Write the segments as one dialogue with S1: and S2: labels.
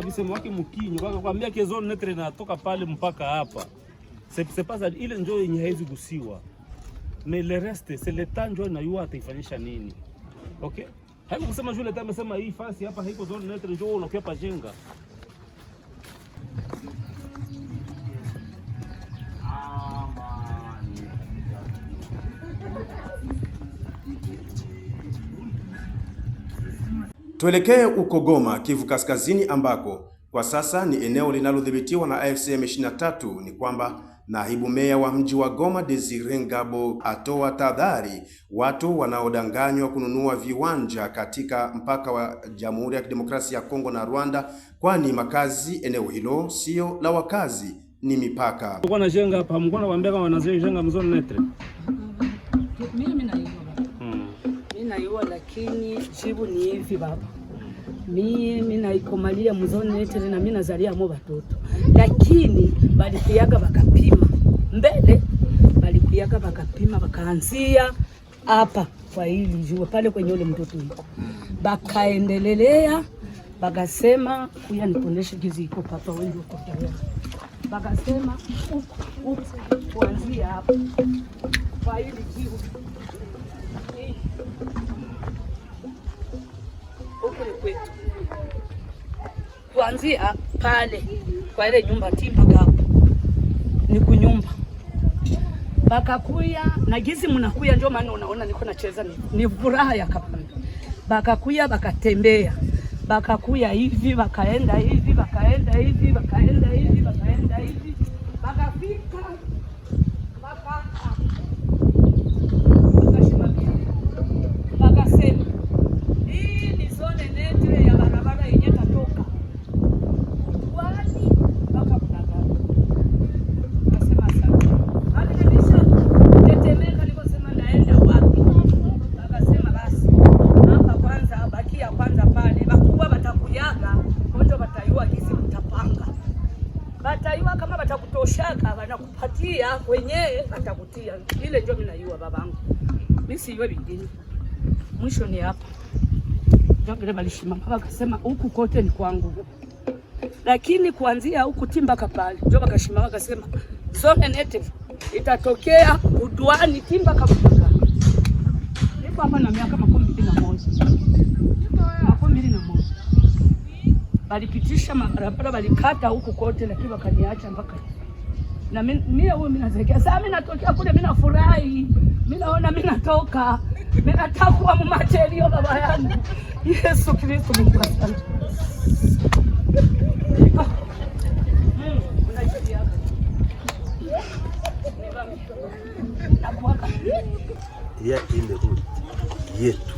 S1: avisemewake mkinyo kwambia kezo netre natoka pale mpaka hapa sepsepasa ile njo yenye haizi gusiwa me le reste c'est leta njo inayua ataifanyisha nini. Okay, haikusema jule tamesema hii fasi hapa haiko zone netre njo unakuwa pajenga
S2: Tuelekee uko Goma, Kivu Kaskazini, ambako kwa sasa ni eneo linalodhibitiwa na AFC M23. Ni kwamba naibu meya wa mji wa Goma, Desire Ngabo, atoa tahadhari watu wanaodanganywa kununua viwanja katika mpaka wa Jamhuri ya Kidemokrasia ya Kongo na Rwanda, kwani makazi eneo hilo sio la wakazi, ni mipaka
S1: hmm
S3: mimi naikomalile na mimi nazalia mo watoto, lakini balikuyaga bakapima mbele, balikuyaga bakapima bakaanzia hapa kwa hili jua pale kwenye ule mtoto yuko, bakaendelelea bakasema kuya nikoneshe gizi iko papa wengi uko tayari, bakasema kuanzia hapa kwa hili jua kwetu, kuanzia pale kwa ile nyumba timbaga ni kunyumba kuya na gizi mnakuya, ndio maana unaona niko nacheza, ni, ni furaha ya kapanda. Bakakuya bakatembea, kuya hivi bakaenda hivi bakaenda hivi bakaenda hivi bakaenda hivi bakafika unaiwa kama watakutoshaka wanakupatia wenyewe watakutia. Ile ndio minaiwa babangu, mimi siwe vingine. Mwisho ni hapa jogelemalishimaa wakasema huku kote ni kwangu, lakini kuanzia huku timba kapale jo wakashima wakasema zone native itatokea udwani timba kapale. Niko hapa na miaka makumi mbili na moja makumi mbili na moja balipitisha mabarabara walikata huku kote, lakini wakaniacha mpaka na mimi huyo mimi nazekea sasa. Mimi natokea kule, mimi nafurahi, mimi naona mimi natoka, mimi natakuwa kuwa leo baba yangu Yesu Kristo. Mungu asante.
S4: ya ile yetu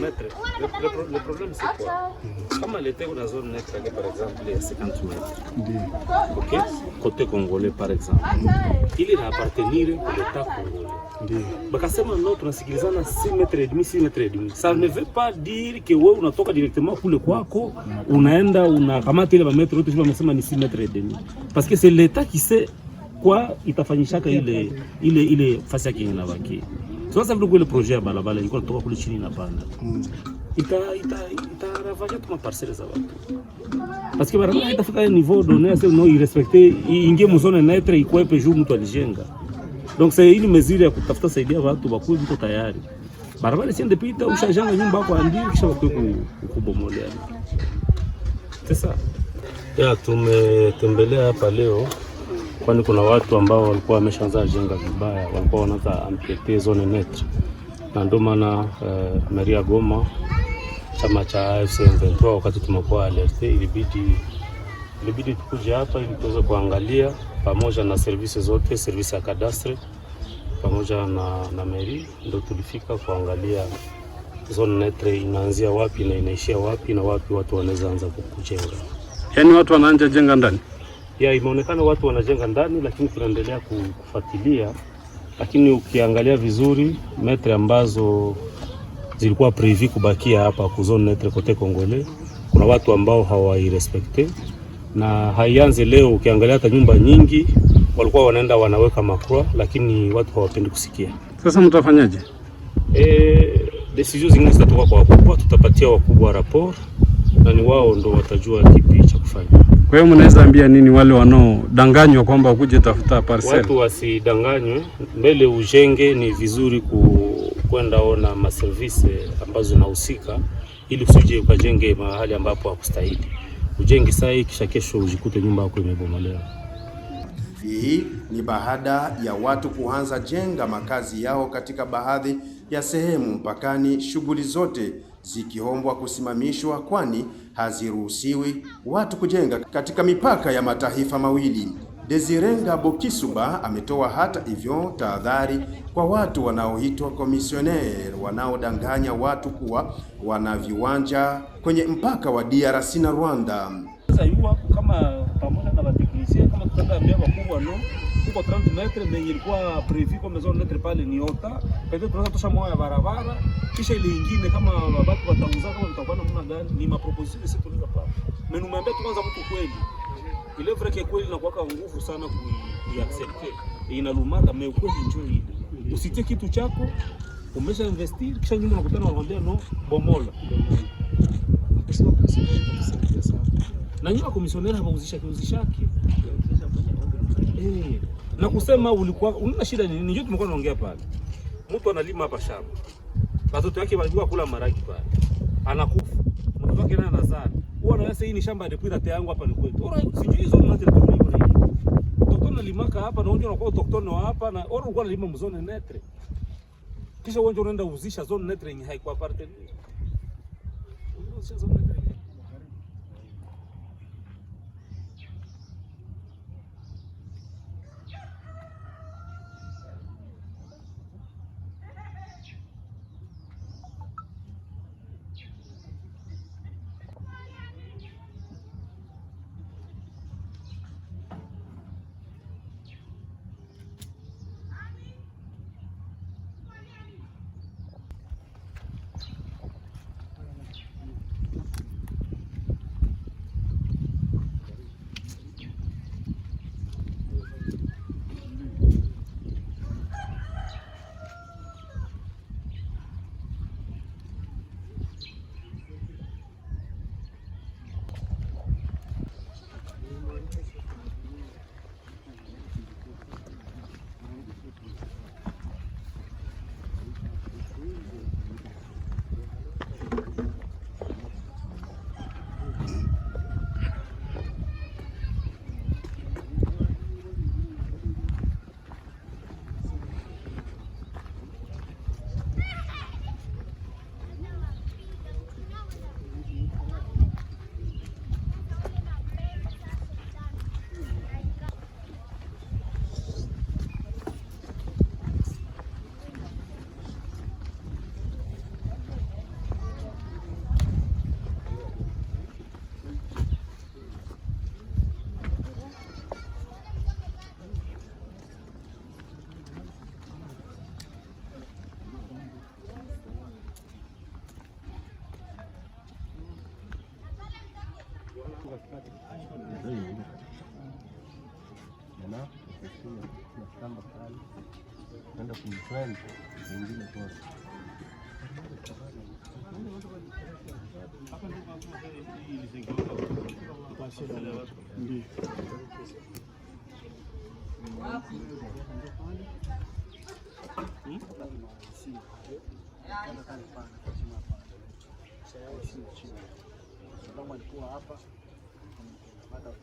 S5: mètres. Le, le, le problème, c'est quoi Kama l'été, una zone neutre, par exemple, il y a 50 mètres. Ok Côté congolais, par exemple. Ili inaappartenir l'État congolais. Ndiyo. Bakasema no tunasikilizana 6 metre et demi, 6 metre et demi. Ça ne veut pas dire que wewe unatoka directement kule kwako unaenda unakamata ile mametre yote wamesema ni 6 metre et demi. Parce que c'est l'État qui sait kwa itafanyishaka ile ile ile fasi yake inabaki. Sasa vile ile projet ya barabara ilikuwa kutoka kule chini na Mm. Ita ita ita ravager tuma parcelle za watu. Parce que barabara itafika niveau donné assez non irrespecté ingie mu zone neutre ikwepe juu mtu alijenga. Donc c'est une mesure ya kutafuta saidia watu bakuu mtu tayari. Barabara siende pita ushajanga nyumba kwa ndio kisha wakwe kukubomolea. Sasa
S6: ya tumetembelea hapa leo kwani kuna watu ambao walikuwa wameshaanza jenga vibaya, walikuwa wanaanza ampiete zone net, na ndio maana eh, Maria Goma chama cha AFC M23 wakati tumekuwa alert, ilibidi ilibidi tukuje hapa ili tuweze kuangalia pamoja na services zote, service ya kadastre pamoja na, na meri, ndio tulifika kuangalia zone netre inaanzia wapi na inaishia wapi na wapi watu wanaweza anza kujenga,
S7: yaani watu wanaanza jenga ndani
S6: ya imeonekana watu wanajenga ndani, lakini tunaendelea kufuatilia. Lakini ukiangalia vizuri metre ambazo zilikuwa prevu kubakia hapa zone netre kote Kongole, kuna watu ambao hawairespekte na haianze leo. Ukiangalia hata nyumba nyingi walikuwa wanaenda wanaweka makwa, lakini watu hawapendi kusikia.
S7: Sasa mtafanyaje?
S6: E, decision zingine zitatoka kwa wakubwa, tutapatia wakubwa rapport na ni wao ndo watajua kipi cha kufanya.
S7: Kwa hiyo mnaweza ambia nini wale wanaodanganywa kwamba wakuje tafuta parcel?
S6: Watu wasidanganywe, mbele ujenge ni vizuri kwenda ona maservise ambazo zinahusika ili usije ukajenge mahali ambapo hakustahili. Ujenge saa hii kisha kesho ujikute nyumba yako imebomolewa.
S2: Hii ni baada ya watu kuanza jenga makazi yao katika baadhi ya sehemu mpakani, shughuli zote zikiombwa kusimamishwa, kwani haziruhusiwi watu kujenga katika mipaka ya mataifa mawili. Desirenga Bokisuba ametoa hata hivyo tahadhari kwa watu wanaoitwa komisioner wanaodanganya watu kuwa wana viwanja kwenye mpaka wa DRC na Rwanda.
S7: Sasa yuko kama pamoja na wateknisia kama tutaambia wakubwa no tuko 30 metre yenye ilikuwa prevu kwa maison metre pale ni ota, peut-être tunaweza tosha moyo ya barabara, kisha ile nyingine kama watu watauza, kama mtakuwa namna gani, ni maproposition sisi tunaweza pale menu mwambie tu kwanza, mtu kweli ile vreke kweli na kuwaka nguvu sana kuiaccepte inalumaga me kweli, njoo ile usitie kitu chako umesha investir, kisha nyuma unakutana wanakuambia no bomola na nyuma komisionera hauzisha kiuzishake eh na kusema ulikuwa una shida nini? Ndio tumekuwa tunaongea pale, mtu analima hapa shamba, watoto wake walikuwa kula maragi pale, anakufa mtoto wake naye anazaa, huwa na sasa, hii ni shamba ndipo ile yangu hapa ni kwetu, ora sijui hizo mnate tumii kwa hiyo mtoto analimaka hapa na unjua unakuwa mtoto hapa na ora ulikuwa analima mzone netre, kisha uonje unaenda uzisha zone netre yenye haikuwa parte ndio uzisha zone netre
S8: Saya الشخصية نتكلم عن عندكم سؤال بنجيب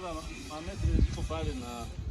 S8: da, ma a me ti devi fare una...